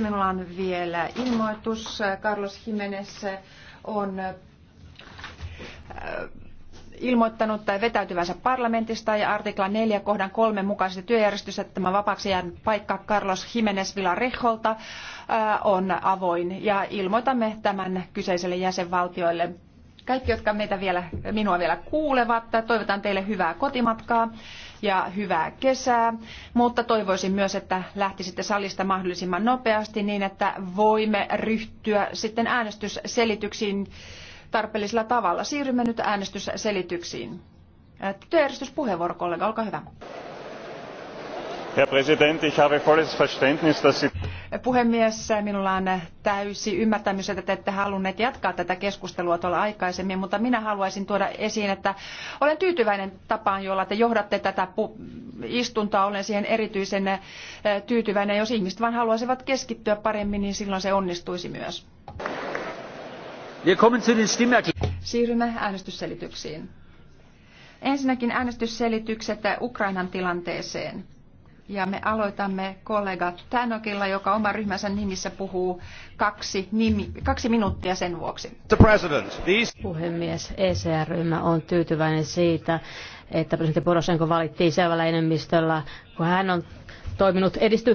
Sitten minulla on vielä ilmoitus. Carlos Jimenez on äh, ilmoittanut tai vetäytyvänsä parlamentista ja artikla 4 kohdan 3 mukaisesti työjärjestystä tämä vapaaksi jäänyt paikka Carlos Jimenez Villarejolta äh, on avoin ja ilmoitamme tämän kyseiselle jäsenvaltioille kaikki, jotka meitä vielä, minua vielä kuulevat, toivotan teille hyvää kotimatkaa ja hyvää kesää, mutta toivoisin myös, että lähtisitte salista mahdollisimman nopeasti niin, että voimme ryhtyä sitten äänestysselityksiin tarpeellisella tavalla. Siirrymme nyt äänestysselityksiin. Työjärjestyspuheenvuoro, kollega, olkaa hyvä. Herr Präsident, ich habe volles Verständnis, dass Sie Puhemies, minulla on täysi ymmärtämys, että te ette halunneet jatkaa tätä keskustelua tuolla aikaisemmin, mutta minä haluaisin tuoda esiin, että olen tyytyväinen tapaan, jolla te johdatte tätä istuntoa. Olen siihen erityisen eh, tyytyväinen. Jos ihmiset vain haluaisivat keskittyä paremmin, niin silloin se onnistuisi myös. Siirrymme äänestysselityksiin. Ensinnäkin äänestysselitykset Ukrainan tilanteeseen. Ja me aloitamme kollega Tänokilla, joka oma ryhmänsä nimissä puhuu kaksi, nimi, kaksi minuuttia sen vuoksi. these... Puhemies, ECR-ryhmä on tyytyväinen siitä, että presidentti Poroshenko valittiin selvällä enemmistöllä, kun hän on toiminut edistyksellä.